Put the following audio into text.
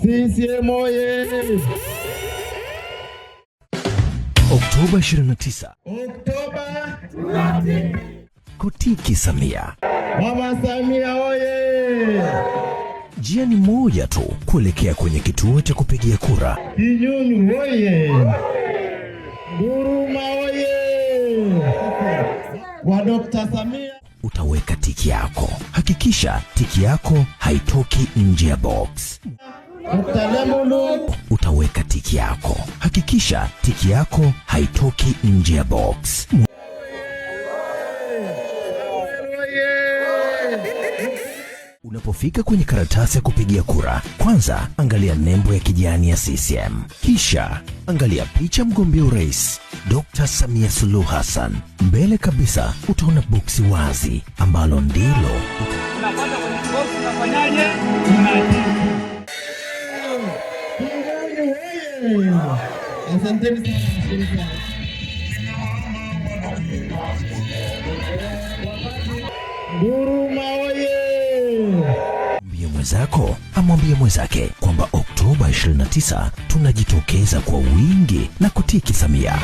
CCM Oktoba 29. Oktoba 29. Kotiki Samia. Mama Samia oye! Oh, Njia ni moja tu kuelekea kwenye kituo cha kupigia kura. Kinyunyu oye! Oh, Huruma oye! Oh, Kwa Dr. Samia utaweka tiki yako. Hakikisha tiki yako haitoki nje ya box utaweka tiki yako. Hakikisha tiki yako haitoki nje ya box. Unapofika kwenye karatasi ya kupigia kura, kwanza angalia nembo ya kijani ya CCM, kisha angalia picha mgombea urais Dr. Samia Suluhu Hassan. Mbele kabisa utaona boksi wazi ambalo ndilo Asanteni sana. Huruma oye! Mwambie mwenzako amwambie mwenzake kwamba Oktoba 29 tunajitokeza kwa wingi na kutiki Samia.